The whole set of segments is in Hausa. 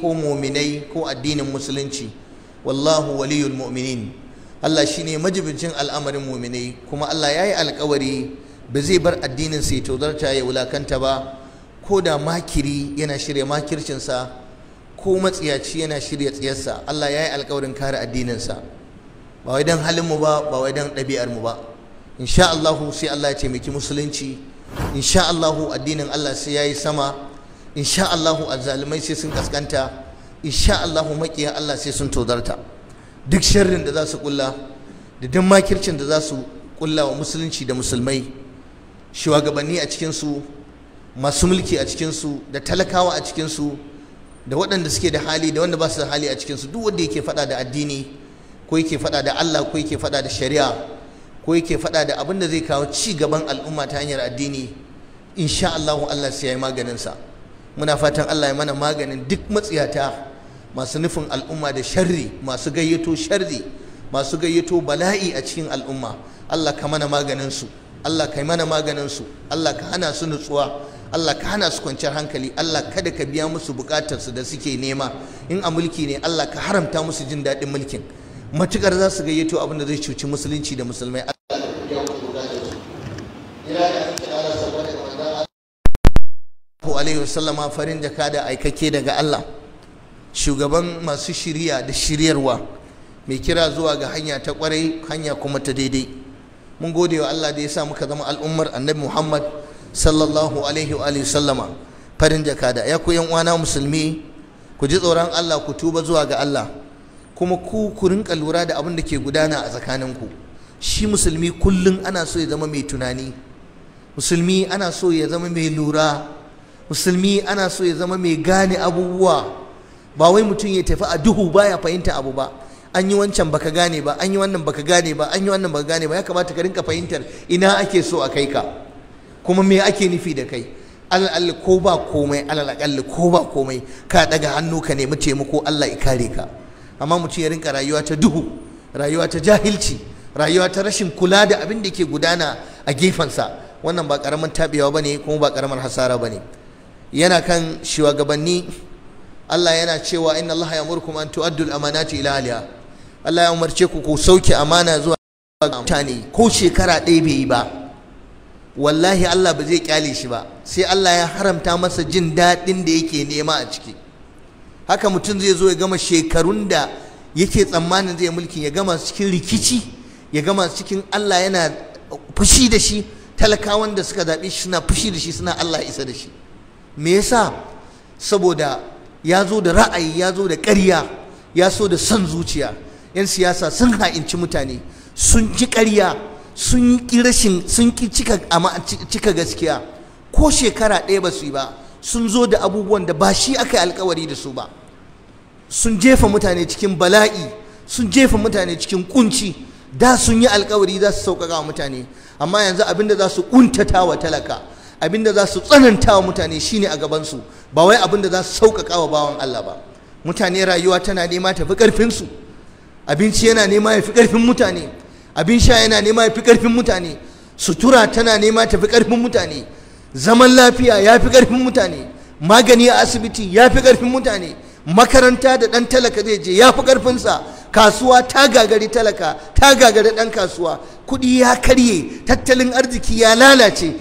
ko muminai ko addinin musulunci wallahu waliyul mu'minin Allah shine majibincin al'amarin muminai kuma Allah ya yi alkawari ba zai bar addinin sai tozarta ya wulakanta ba ko da makiri yana shirya makircinsa ko matsiyaci yana shirya tsiyarsa Allah ya yi alkawarin kare addininsa ba wai don halinmu ba ba wai don ɗabi'armu ba insha Allah sai Allah ya taimaki musulunci insha Allah addinin Allah sai ya yi sama insha Allahu azzalimai sai sun kaskanta insha Allahu makiya Allah sai sun tozarta duk sharrin da za su kulla da duk makircin da za su kulla wa musulunci da musulmai shugabanni a cikinsu masu mulki a cikinsu da talakawa a cikinsu da waɗanda suke da hali da wanda ba su da hali a cikinsu duk wanda yake faɗa da addini ko yake faɗa da Allah ko yake faɗa da shari'a ko yake faɗa da abin da zai kawo ci gaban al'umma ta hanyar addini insha allahu Allah sai ya yi maganin sa. muna fatan Allah ya mana maganin duk matsiyata masu nufin al'umma da sharri masu gayyato sharri masu gayyato bala'i a cikin al'umma Allah ka mana maganin su Allah ka mana maganin su Allah ka hana su nutsuwa Allah ka hana su kwanciyar hankali Allah kada ka biya musu bukatar su da suke nema in a mulki ne Allah ka haramta musu jin daɗin mulkin matukar za su gayyato abin da zai cuci musulunci da musulmai alaihi wasallama farin jaka da aikake daga Allah shugaban masu shirya da shiryarwa mai kira zuwa ga hanya ta kwarai hanya kuma ta daidai mun gode wa Allah da ya sa muka zama al'ummar annabi Muhammad sallallahu alaihi wa sallama farin jaka da ya ku yan uwana musulmi ku ji tsoron Allah ku tuba zuwa ga Allah kuma ku ku rinka lura da abin da ke gudana a tsakanin ku shi musulmi kullum ana so ya zama mai tunani musulmi ana so ya zama mai lura musulmi ana so ya zama mai gane abubuwa ba wai mutum ya tafi a duhu baya fahimta abu ba an yi wancan baka gane ba an yi wannan baka gane ba an yi wannan baka gane ba ya kamata ka rinka fahimtar ina ake so a kai ka kuma me ake nufi da kai alal ko ba komai alal ko ba komai ka daga hannu ka nemi taimako Allah ya kare ka amma mutum ya rinka rayuwa ta duhu rayuwa ta jahilci rayuwa ta rashin kula da abin da ke gudana a gefensa wannan ba karamin tabewa bane kuma ba karamar hasara bane ne yana kan shugabanni Allah yana cewa inna Allah ya murkum an tu'addul amanati ila aliya Allah ya umarce ku ku sauke amana zuwa mutane ko shekara ɗaya bai yi ba wallahi Allah ba zai kyale shi ba sai Allah ya haramta masa jin daɗin da yake nema a ciki haka mutum zai zo ya gama shekarun da yake tsammanin zai mulki, ya gama cikin rikici ya gama cikin Allah yana fushi da shi talakawan da suka zaɓe shi suna fushi da shi suna Allah isa da shi me yasa saboda ya zo da ra'ayi ya zo da ƙarya ya so da son zuciya 'yan siyasa sun ha'inci mutane sun ki ƙarya sun ki rashin sun ki cika gaskiya ko shekara ɗaya ba su yi ba sun zo da abubuwan da ba shi aka yi alkawari da su ba sun jefa mutane cikin bala'i sun jefa mutane cikin kunci da sun yi alkawari za su sauƙaƙa mutane amma yanzu abin da za su ƙuntata wa talaka abinda za su tsananta wa mutane shine a gabansu ba wai abinda za su sauƙaƙa wa bawan Allah ba mutane rayuwa tana nema ta fi ƙarfinsu abinci yana nema ya fi ƙarfin mutane abin sha yana nema ya fi ƙarfin mutane sutura tana nema ta fi ƙarfin mutane zaman lafiya ya fi ƙarfin mutane magani a asibiti ya fi ƙarfin mutane makaranta da ɗan talaka zai je ya fi ƙarfinsa kasuwa ta gagari talaka ta gagari ɗan kasuwa kuɗi ya karye tattalin arziki ya lalace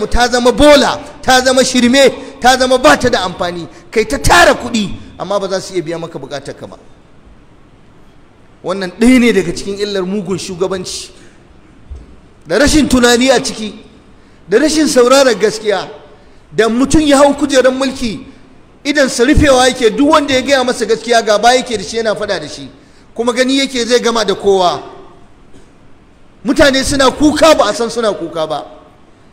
mu ta zama bola ta zama shirme ta zama bata da amfani kai ta tara kuɗi amma ba za su iya biya maka ka ba wannan ɗaya ne daga cikin illar mugun shugabanci da rashin tunani a ciki da rashin sauraron gaskiya da mutum ya hau kujerar mulki idan sa rufewa yake duk wanda ya gaya masa gaskiya gaba yake da shi yana faɗa da shi kuma gani yake zai gama da kowa mutane suna kuka ba a san suna kuka ba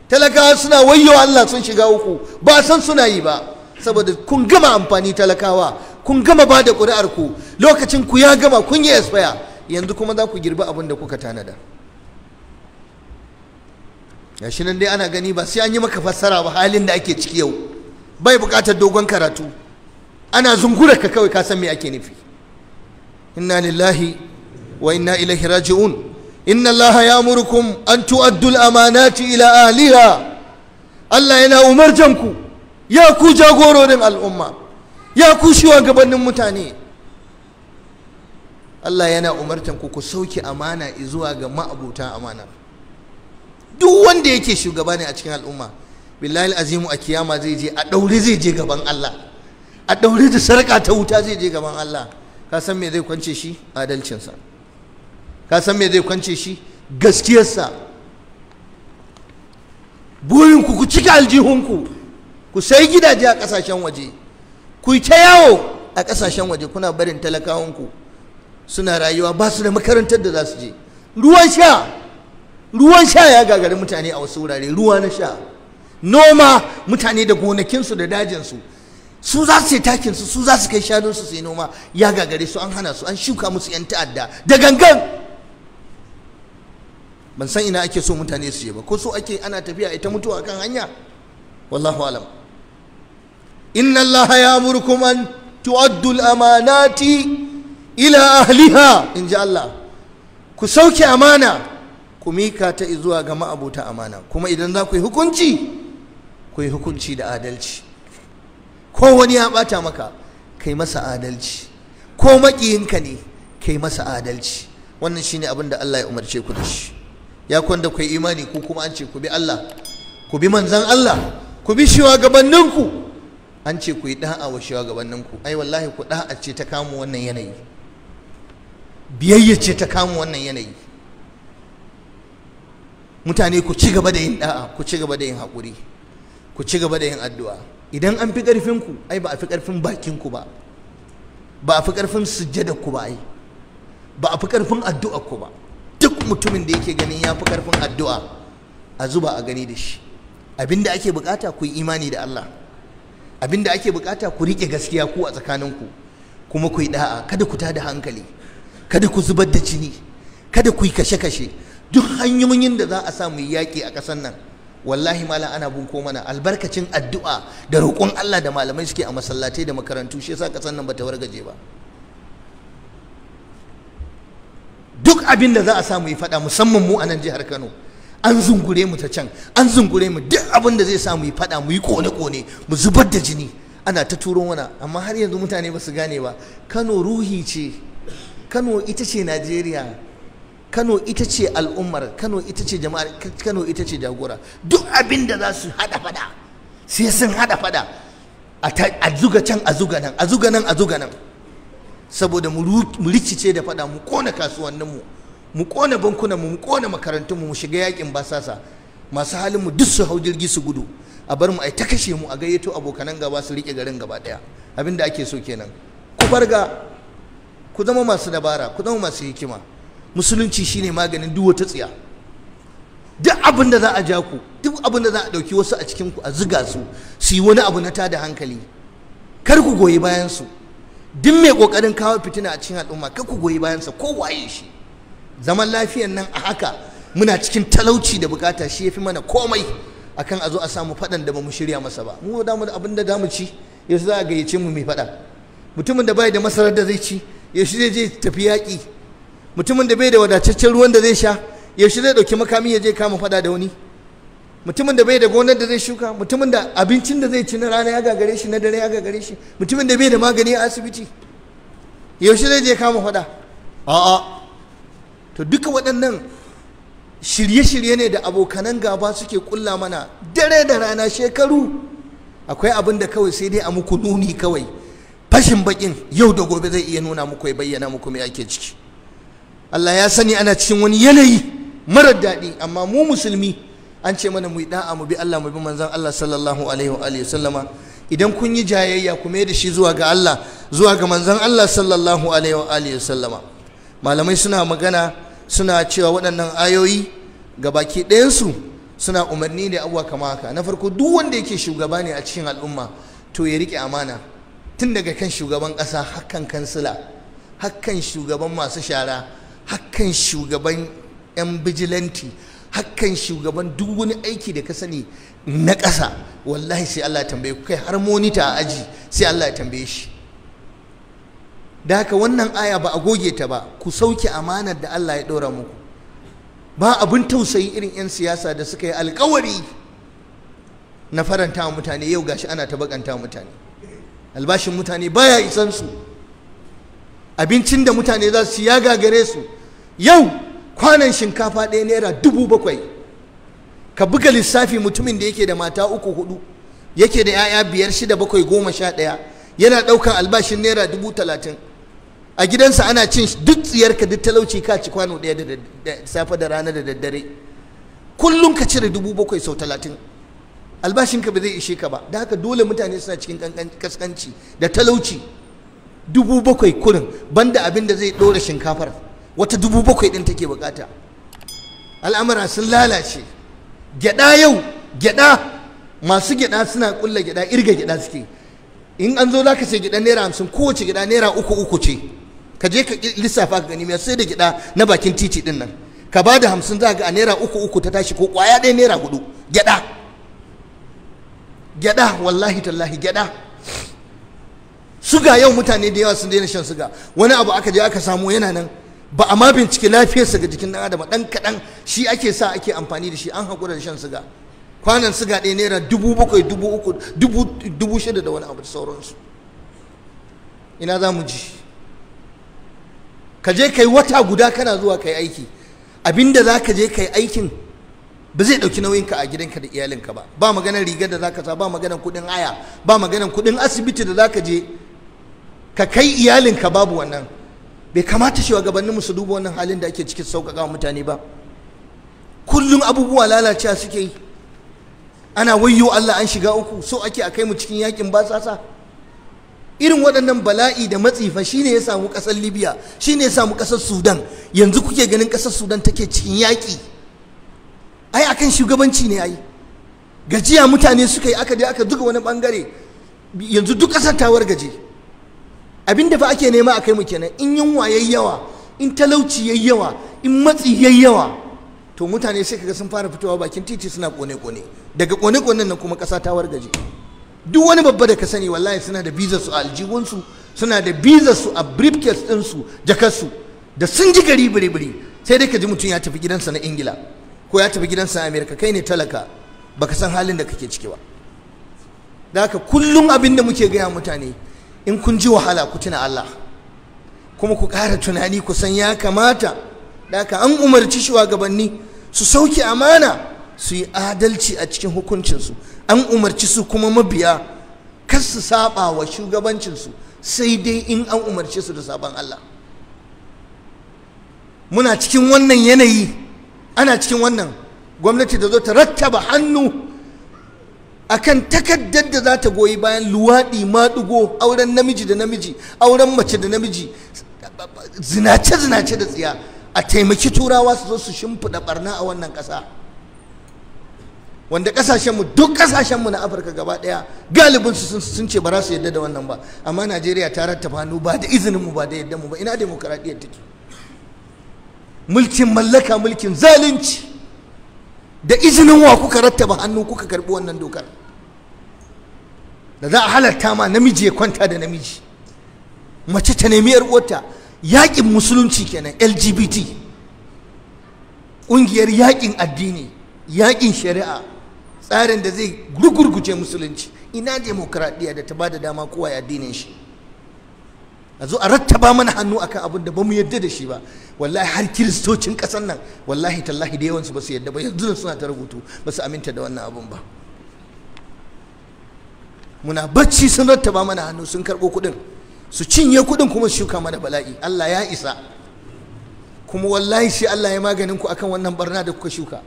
talakawa suna wayo Allah sun shiga uku ba a san suna yi ba saboda kun gama amfani talakawa kun gama ba da ƙuri'ar ku lokacin ku ya gama kun yi expire yanzu kuma za ku girbi abin da kuka tanada yashi nan dai ana gani ba sai an yi maka fassara ba halin da ake ciki yau bai buƙatar dogon karatu ana zungura ka kawai ka san me ake nufi inna lillahi wa inna ilaihi raji'un inna allaha ya'murukum an tu'addu al-amanati ila ahliha Allah yana umartan ya ku jagororin al'umma ya ku shugabannin mutane Allah yana umartan ku ku sauke amana zuwa ga ma'abuta amana duk wanda yake shugaba ne a cikin al'umma billahi azimu a kiyama zai je a daure zai je gaban Allah a daure da sarka ta wuta zai je gaban Allah ka san me zai kwance shi adalcinsa ka san me zai kwance shi gaskiyarsa burinku ku cika aljihunku ku sai gidaje a ƙasashen waje ku yi ta yawo a ƙasashen waje kuna barin talakawanku suna rayuwa ba su da makarantar da za su je ruwan sha ruwan sha ya gagari mutane a wasu wurare ruwa na sha noma mutane da gonakinsu da dajinsu su za su yi takin su su za su kai shanun su su noma ya gagare su an hana su an shuka musu yan ta'adda da gangan ban san ina ake so mutane su je ba ko so ake ana tafiya ita mutuwa kan hanya wallahu alam inna allaha ya'murukum an tu'addu amanati ila ahliha in ji Allah ku sauke amana ku mika ta zuwa ga ma'abota amana kuma idan za ku yi hukunci ku yi hukunci da adalci ko wani ya bata maka kai masa adalci ko makiyinka ne kai masa adalci wannan shine abin da Allah ya umarce ku da shi ya kwanda kai imani ku kuma an ce ku bi Allah ku bi manzan Allah ku bi shugabanninku an ce ku yi da'a wa shugabanninku ai wallahi ku da'a ce ta kamu wannan yanayi biyayya ce ta kamu wannan yanayi mutane ku ci gaba da yin da'a ku ci gaba da yin haƙuri ku ci gaba da yin addu'a idan an fi ƙarfinku ai ba a fi ƙarfin bakinku ba ba a fi ƙarfin sujjadarku ba ai ba a fi ƙarfin addu'arku ba duk mutumin da yake ganin ya fi ƙarfin addu'a a zuba a gani da shi abinda ake bukata ku yi imani da Allah abinda ake bukata ku riƙe gaskiya ku a tsakaninku kuma ku yi da'a kada ku tada hankali kada ku zubar da jini kada ku yi kashe-kashe duk hanyoyin da za a samu yaƙi a ƙasar nan wallahi malam ana bin ko mana albarkacin addu'a da roƙon Allah da malamai suke a masallatai da makarantu shi yasa kasan nan bata wargaje ba duk abin da za a samu yi faɗa musamman mu a nan jihar Kano an zungure mu ta can an zungure mu duk abin da zai samu yi faɗa mu yi kone-kone mu zubar da jini ana ta turo mana amma har yanzu mutane ba su gane ba Kano ruhi ce Kano ita ce Najeriya kano ita ce al'ummar kano ita ce jama'ar kano ita ce jagora duk abin da za su hada fada sai sun hada fada a zuga can a zuga nan a zuga nan a zuga nan saboda mu rikice da fada mu kona kasuwannin mu mu kona bankunan mu kona makarantun mu shiga yakin basasa masu halin mu duk su hau jirgi su gudu a bar mu ai ta kashe mu a gayyato abokanan gaba su rike garin gaba daya abinda ake so kenan ku farga ku zama masu dabara ku zama masu hikima musulunci shine maganin duk wata tsiya duk abin da za a ja ku duk abin da za a ɗauki wasu a cikin ku a ziga su su yi wani abu na tada hankali kar ku goyi bayan su duk mai kokarin kawo fitina a cikin al'umma kar ku goyi bayan sa ko waye shi zaman lafiyan nan a haka muna cikin talauci da bukata shi yafi mana komai akan a zo a samu faɗan da bamu shirya masa ba mu da mu da abin da mu ci yaushe za a gayyace mu mai faɗa mutumin da bai da masarar da zai ci yaushe zai je tafi yaƙi mutumin da bai da wadataccen ruwan da zai sha yaushe zai ɗauki makami ya je kama faɗa da wani mutumin da bai da gonar da zai shuka mutumin da abincin da zai ci na rana ya gagare shi na dare ya gagare shi mutumin da bai da magani a asibiti yaushe zai je kama fada a'a to duka waɗannan shirye-shirye ne da abokanan gaba suke kulla mana dare da rana shekaru akwai abin da kawai sai dai a muku nuni kawai fashin bakin yau da gobe zai iya nuna muku ya bayyana muku mai ake ciki Allah ya sani ana cikin wani yanayi marar daɗi amma mu musulmi an ce mana mu yi da'a mu bi Allah mu bi manzon Allah sallallahu alaihi wa alihi sallama idan kun yi jayayya ku mai da shi zuwa ga Allah zuwa ga manzon Allah sallallahu alaihi wa sallama malamai suna magana suna cewa waɗannan ayoyi ga baki ɗayansu suna umarni da abuwa kama haka na farko duk wanda yake shugaba ne a cikin al'umma to ya riƙe amana tun daga kan shugaban ƙasa hakan kansila hakan shugaban masu shara hakan shugaban 'yan bijilanti hakan shugaban duk wani aiki da ka sani na ƙasa wallahi sai Allah ya tambaye kai har monita a aji sai Allah ya tambaye shi da haka wannan aya ba a goge ta ba ku sauke amanar da Allah ya ɗora muku ba abin tausayi irin 'yan siyasa da suka yi alkawari na faranta wa mutane yau gashi ana ta bakanta mutane albashin mutane baya isan su abincin da mutane za su ya gare su yau kwanan shinkafa ɗaya naira dubu bakwai ka buga lissafi mutumin da yake da mata uku hudu yake da 'ya'ya biyar shida bakwai goma sha ɗaya yana ɗaukan albashin naira dubu talatin a gidansa ana cin duk tsiyarka duk talauci ka ci kwano ɗaya da safe da rana da daddare kullum ka cire dubu bakwai sau talatin albashinka ba zai ishe ka ba da haka dole mutane suna cikin kaskanci da talauci dubu bakwai kurin banda abin da zai ɗora shinkafar wata dubu bakwai ɗin take bukata al'amura sun lalace gyaɗa yau gyaɗa masu gyaɗa suna ƙulla gyaɗa irga gyaɗa suke in an zo zaka ka ce gyaɗa naira hamsin kowace gyaɗa naira uku uku ce ka je ka lissafa ka gani mai sai da gyaɗa na bakin titi ɗin nan ka ba da hamsin za ga a naira uku uku ta tashi ko kwaya ɗaya naira hudu gyaɗa gyaɗa wallahi tallahi gyaɗa suga yau mutane da yawa sun daina shan suga wani abu aka je aka samu yana nan ba a ma bincike lafiyarsa ga jikin ɗan adam ɗan kaɗan shi ake sa ake amfani da shi an haƙura da shan siga kwanan siga ɗaya naira dubu bakwai dubu uku dubu shida da wani abu da sauransu ina za mu ji ka je kai wata guda kana zuwa kai aiki abinda za ka je kai aikin ba zai ɗauki nauyinka a gidanka da iyalinka ba ba maganar rigar da za ka sa ba maganar kuɗin aya ba maganar kuɗin asibiti da za ka je ka kai iyalinka babu wannan bai kamata shugabanninmu su duba wannan halin da ake cikin sauƙaƙa mutane ba kullum abubuwa lalacewa suke yi ana wayyo Allah an shiga uku so ake a kai mu cikin yakin basasa irin waɗannan bala'i da matsifa shine ya samu ƙasar Libya shine ya samu ƙasar Sudan yanzu kuke ganin ƙasar Sudan take cikin yaƙi ai akan shugabanci ne ai gajiya mutane suka yi aka je aka duka wani bangare yanzu duk ƙasar ta wargaje abin da fa ake nema a kai mu kenan in yunwa yayi yawa in talauci yayi yawa in matsi yayi yawa to mutane sai kaga sun fara fitowa bakin titi suna kone kone daga kone kone nan kuma kasa ta wargaje duk wani babba da ka sani wallahi suna da visa su a aljihunsu suna da visa su a briefcase din su jakar su da sun ji gari biri biri sai dai ka ji mutum ya tafi gidansa na ingila ko ya tafi gidansa na america kai ne talaka baka san halin da kake ciki ba da haka kullum abin da muke gaya mutane in kun ji wahala ku tuna Allah kuma ku ƙara tunani ku san ya kamata da an umarci shugabanni su sauke amana su yi adalci a cikin hukuncinsu an umarci su kuma mabiya kar su saba wa shugabancinsu sai dai in an umarci su da sabon Allah muna cikin wannan yanayi ana cikin wannan gwamnati da zo ta rattaba hannu akan takaddar da za ta goyi bayan luwaɗi maɗugo auren namiji da namiji auren mace da namiji zinace-zinace da tsiya a taimaki turawa su zo su shimfiɗa barna a wannan ƙasa wanda ƙasashenmu duk ƙasashenmu na afirka gaba ɗaya galibinsu sun ce ba za su yadda da wannan ba amma najeriya ta rattafa hannu ba da izininmu ba da yadda mu ba ina demokaraɗiyyar take mulkin mallaka mulkin zalunci da izinin wa kuka rattaba hannu kuka karbi wannan dokar da za a halarta ma namiji ya kwanta da namiji mace ta nemi yar uwarta yaƙin musulunci kenan lgbt ƙungiyar yaƙin addini yaƙin shari'a tsarin da zai gurgurguje musulunci ina demokradiyya da ta ba da dama kowa ya addinin shi a zo a rattaba mana hannu akan abin da ba mu yadda da shi ba wallahi har kiristocin kasan nan wallahi tallahi da yawansu ba su yadda ba yanzu suna ta rubutu ba su aminta da wannan abin ba muna bacci sun rattaba mana hannu sun karɓo kuɗin su cinye kuɗin kuma su shuka mana bala'i Allah ya isa kuma wallahi shi Allah ya maganin ku akan wannan barna da kuka shuka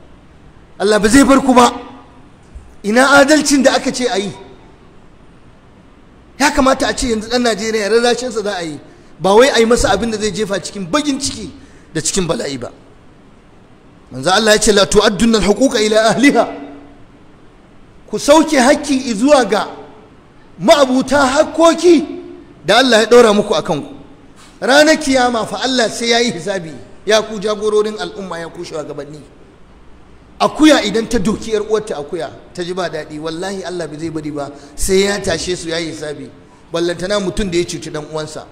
Allah ba zai bar ku ba ina adalcin da aka ce a yi ya kamata a ce yanzu ɗan najeriya rarrashinsa za a yi ba wai a yi masa abin da zai jefa cikin bagin ciki da cikin bala'i ba manzo Allah ya ce la tu'addun al-huquqa ila ahliha ku sauke hakki zuwa ga ma'abuta hakkoki da Allah ya ɗora muku akan ku ranar kiyama fa Allah sai ya yi hisabi ya ku jagororin al'umma ya ku shugabanni akuya idan ta doki yar uwarta akuya ta ji ba daɗi wallahi Allah bai zai bari ba sai ya tashe su yayi hisabi ballantana mutum da ya cuci dan uwansa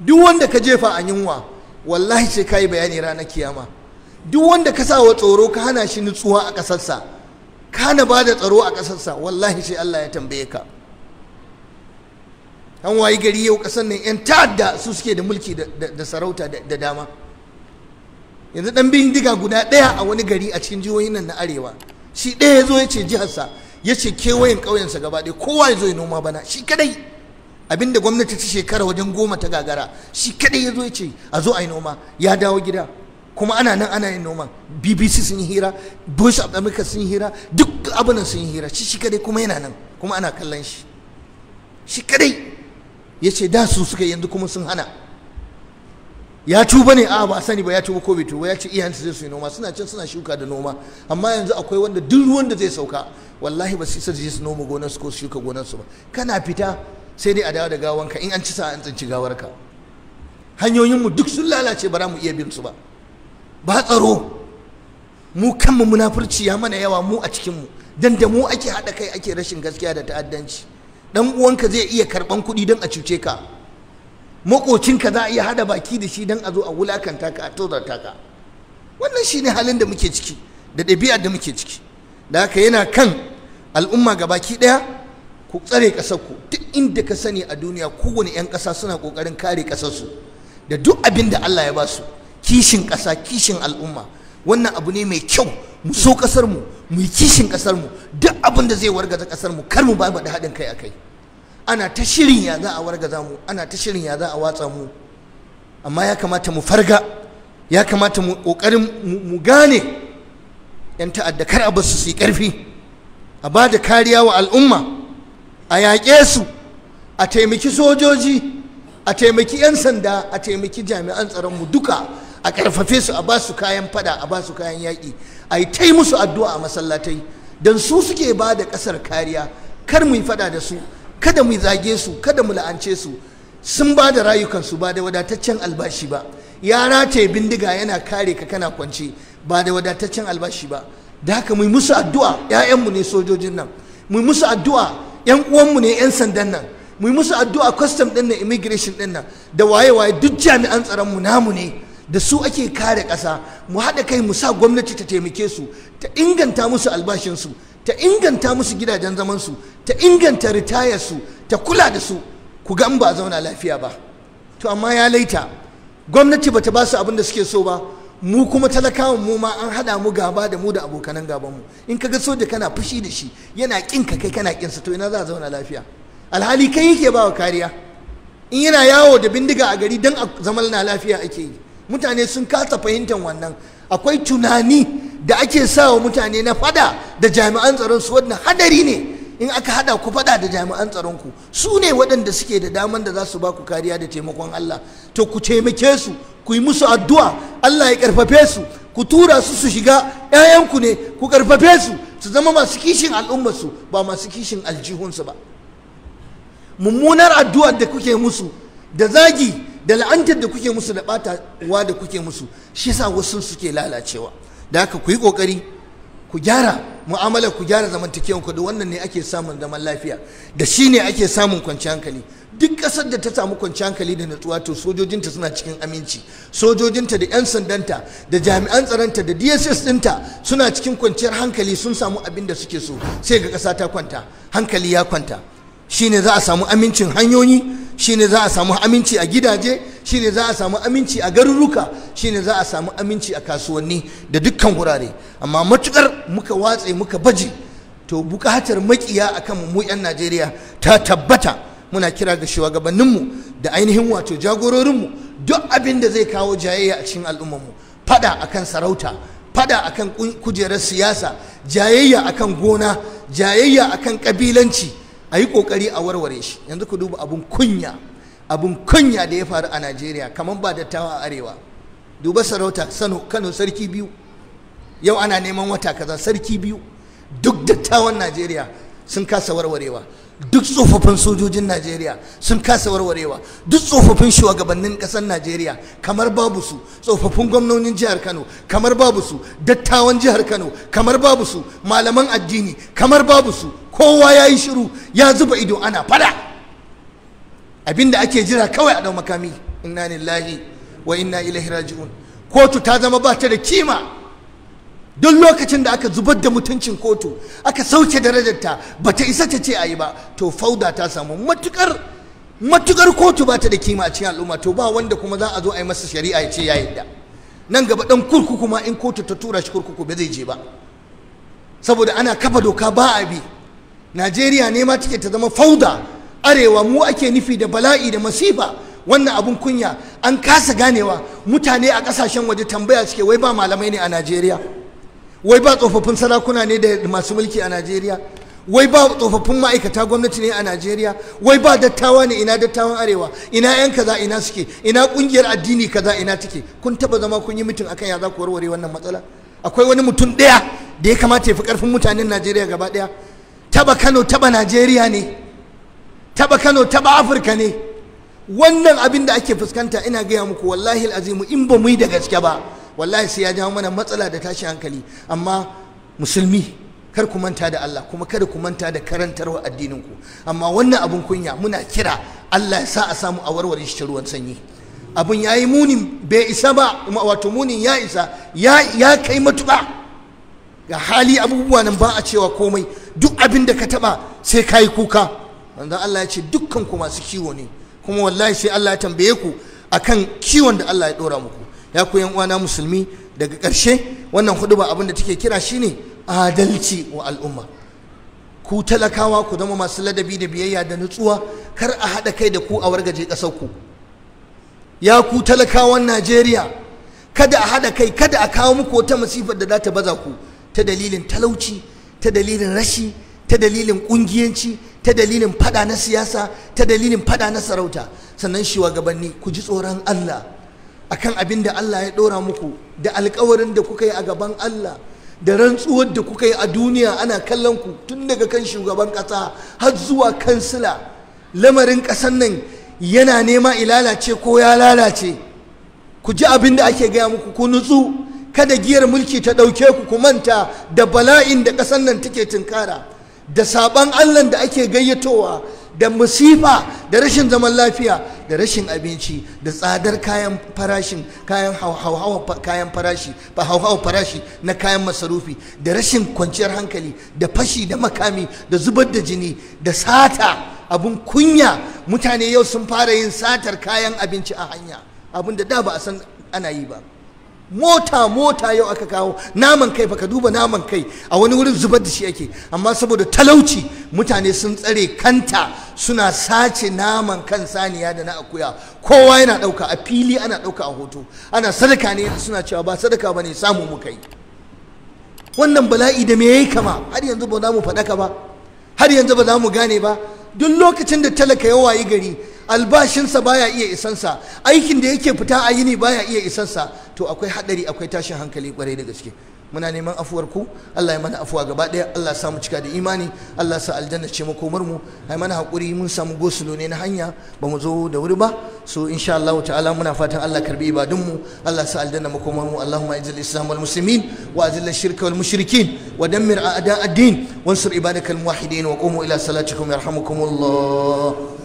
duk wanda ka jefa a yunwa wallahi sai kai bayani ranar kiyama duk wanda ka sa wa tsoro ka hana shi nutsuwa a ƙasarsa kana ba da tsaro a ƙasarsa wallahi sai Allah ya tambaye ka an wayi gari yau kasar nan 'yan ta'adda su suke da mulki da sarauta da dama yanzu dan bindiga guda ɗaya a wani gari a cikin jihohin nan na arewa shi ɗaya ya zo ya ce jiharsa ya ce kewayen ƙauyensa gaba ɗaya kowa ya zo ya noma bana shi kadai abinda gwamnati ta shekara wajen goma ta gagara shi kadai ya zo ya ce a zo a yi noma ya dawo gida kuma ana nan ana yin noma bbc sun yi hira voice of america sun yi hira duk abunan sun yi hira shi shi kadai kuma yana nan kuma ana kallon shi shi kadai ya ce da su suka yanzu kuma sun hana ya tuba ne a ba sani ba ya tuba ko bai tuba ya ce iyayensa zai su yi noma suna can suna shuka da noma amma yanzu akwai wanda duk ruwan da zai sauka wallahi ba su isa su noma su ko su shuka gonarsu ba kana fita sai dai a dawo da gawar ka in an ci sa an tsinci gawar hanyoyin mu duk sun lalace ba za mu iya bin su ba ba tsaro mu kanmu munafurci ya mana yawa mu a cikin mu dan da mu ake haɗa kai ake rashin gaskiya da ta'addanci dan uwanka zai iya karban kuɗi don a cuce ka makocinka za a iya hada baki da shi don a zo a wulakanta ka a tozarta ka wannan shi ne halin da muke ciki da ɗabi'ar da muke ciki da haka yana kan al'umma ga baki ɗaya ku tsare ƙasarku duk inda ka sani a duniya kowane 'yan ƙasa suna ƙoƙarin kare ƙasarsu da duk abin da Allah ya ba su kishin ƙasa kishin al'umma wannan abu ne mai kyau mu so ƙasarmu mu yi kishin ƙasarmu duk abin da zai wargaza mu kar mu ba da haɗin kai a kai ana ta shirin ya za a wargaza mu ana ta shirin ya za a watsa mu amma ya kamata mu farga ya kamata mu kokarin mu gane yan ta'adda kar a basu su yi karfi a ba da kariya wa al'umma a yaƙe su a taimaki sojoji a taimaki 'yan sanda a taimaki jami'an tsaron mu duka a ƙarfafe su a ba su kayan fada a ba su kayan yaƙi a yi taimusu addu'a a masallatai don su suke ba da ƙasar kariya kar mu yi fada da su kada mu zage su kada mu la'ance su sun ba da rayukansu ba da wadataccen albashi ba ya rataye bindiga yana kare ka kana kwanci ba da wadataccen albashi ba da haka mu musu addu'a ƴaƴanmu ne sojojin nan mu musu addu'a ƴan uwanmu ne ƴan sandan nan mu musu addu'a custom din nan immigration din nan da waye waye duk jami'an tsaron mu namu ne da su ake kare ƙasa mu haɗa kai mu sa gwamnati ta taimake su ta inganta musu albashinsu ta inganta musu gidajen zamansu ta inganta ritaya su. ta kula da su ku gan ba zauna lafiya ba to amma ya laita gwamnati bata ba su abin da suke so ba mu kuma talakawan mu ma an hada mu gaba da mu da abokanan gaban mu in kaga soja kana fushi da shi yana kin ka kai kana kin sa to ina za zauna lafiya alhali kai yake bawa kariya in yana yawo da bindiga a gari dan a zaman na lafiya ake yi mutane sun kasa fahimtar wannan akwai tunani da ake sa wa mutane na fada da jami'an tsaron su wadda hadari ne in aka hada ku fada da jami'an tsaron ku su ne waɗanda suke da daman da za su ba ku kariya da taimakon Allah to ku taimake su ku yi musu addu'a Allah ya karfafe su ku tura su su shiga 'ya'yanku ne ku karfafe su su zama masu kishin al'ummarsu ba masu kishin aljihunsu ba mummunar addu'ar da kuke musu da zagi da la'antar da kuke musu da ɓatawa da kuke musu shi yasa wasu suke lalacewa da haka ku yi ƙoƙari ku gyara mu'amalar ku gyara zamantakewan ku wannan ne ake samun zaman lafiya da shi ne ake samun kwanciyar hankali duk ƙasar da ta samu kwanciyar hankali da natsuwa to sojojinta suna cikin aminci sojojinta da 'yan sandanta da jami'an tsaronta da dss ɗinta suna cikin kwanciyar hankali sun samu abin da suke so sai ga ƙasa ta kwanta hankali ya kwanta shine za a samu amincin hanyoyi shine za a samu aminci a gidaje shine za a samu aminci a garuruka shine za a samu aminci a kasuwanni da dukkan wurare amma matukar muka watse muka baji to bukatar makiya akan mu yan Najeriya ta tabbata muna kira ga shugabanninmu da ainihin wato jagororinmu duk abin da zai kawo jayayya a cikin al'ummarmu fada akan sarauta fada akan kujerar siyasa jayayya akan gona jayayya akan kabilanci a yi kokari a warware shi yanzu ku duba abun kunya abin kunya da ya faru a najeriya kamar ba dattawa a arewa duba sarauta Sano, kano sarki biyu yau ana neman wata kaza sarki biyu duk dattawan najeriya sun kasa warwarewa duk tsofaffin sojojin najeriya sun kasa warwarewa duk tsofaffin shugabannin ƙasar najeriya kamar babu su tsofaffin gwamnonin jihar kano kamar babu su dattawan jihar kano kamar babu su malaman addini kamar babu su kowa ya yi shiru ya zuba ido ana fada abinda ake jira kawai a dau makami inna lillahi wa inna ilaihi raji'un kotu ta zama ba ta da kima duk lokacin da aka zubar da mutuncin kotu aka sauke darajar ba ta isa ta ce a yi ba to fauda ta samu matukar matukar kotu ba ta da kima a cikin al'umma to ba wanda kuma za a zo a yi masa shari'a ya ce ya yadda nan gaba dan kurkuku ma in kotu ta tura shi kurkuku ba zai je ba saboda ana kafa doka ba a bi najeriya ne ma take ta zama fauda arewa mu ake nufi da bala'i da masifa wannan abun kunya an kasa ganewa mutane a kasashen waje tambaya suke wai ba malamai ne a najeriya wai ba tsofaffin sarakuna ne da masu mulki a najeriya wai ba tsofaffin ma'aikata gwamnati ne a najeriya wai ba dattawa ne ina dattawan arewa ina yan kaza ina suke ina kungiyar addini kaza ina take kun taba zama kun yi mutum akan ya za ku warware wannan matsala akwai wani mutum ɗaya da ya kamata ya fi karfin mutanen najeriya gaba ɗaya taba kano taba najeriya ne taba kano taba afirka ne wannan abin da ake fuskanta ina gaya muku wallahi azimu in ba mu yi da gaske ba wallahi sai ya jawo mana matsala da tashi hankali amma musulmi kar ku manta da Allah kuma kada ku manta da karantarwa ku amma wannan abun kunya muna kira Allah ya sa a samu a warware shi ruwan sanyi abun ya munin bai isa ba wato munin ya isa ya kai matuƙa ga hali abubuwa nan ba a cewa komai duk abin da ka taɓa sai ka kuka manzon Allah ya ce dukkan ku masu kiwo ne kuma wallahi sai Allah ya tambaye ku akan kiwon da Allah ya dora muku ya ku yan uwana musulmi daga ƙarshe wannan huduba abin da take kira shine adalci wa al'umma ku talakawa ku zama masu ladabi da biyayya da nutsuwa kar a haɗa kai da ku a wargaje ƙasar ku ya ku talakawan Najeriya kada a haɗa kai kada a kawo muku wata masifar da za ta baza ku ta dalilin talauci ta dalilin rashi ta dalilin ƙungiyanci ta dalilin fada na siyasa ta dalilin fada na sarauta sannan shugabanni ku ji tsoron Allah akan abin da Allah ya dora muku da alkawarin da kuka yi a gaban Allah da rantsuwar da kuka yi a duniya ana kallon ku tun daga kan shugaban ƙasa, har zuwa kansila lamarin kasan nan yana nema ilalace ko ya lalace ku ji abin da ake gaya muku ku nutsu kada giyar mulki ta ɗauke ku ku manta da bala'in da ƙasar nan take tunkara da saban allah da ake gayyatowa da musifa da rashin zaman lafiya da rashin abinci da tsadar kayan farashin kayan hauhawa kayan farashi na kayan masarufi da rashin kwanciyar hankali da fashi da makami da zubar da jini da sata abun kunya mutane yau sun fara yin satar kayan abinci a hanya abin da da ba a san ana yi ba mota mota yau aka kawo naman kai baka duba naman kai a wani wurin zubar da shi ake amma saboda talauci mutane sun tsare kanta suna sace naman kan saniya da na akuya kowa yana ɗauka a fili ana ɗauka a hoto ana sadaka ne suna cewa ba sadaka ba ne samu mu kai wannan bala'i da me yayi kama har yanzu ba za mu faɗaka ba har yanzu ba za mu gane ba duk lokacin da talaka yawa yi gari albashinsa baya iya isansa aikin da yake fita a yini baya iya isansa to akwai hadari akwai tashin hankali kwarai da gaske muna neman afuwar ku Allah ya mana afuwa gaba daya Allah ya samu cika da imani Allah sa aljanna ce makomar mu ai mana hakuri mun samu gosulo ne na hanya ba mu zo da wuri ba so insha Allah ta'ala muna fatan Allah karbi ibadun mu Allah sa aljanna makomar mu Allahumma izil islam wal muslimin wa azil shirka wal mushrikin wa dammir a'da ad-din wansur ibadakal muwahhidin wa qumu ila salatikum yarhamukumullah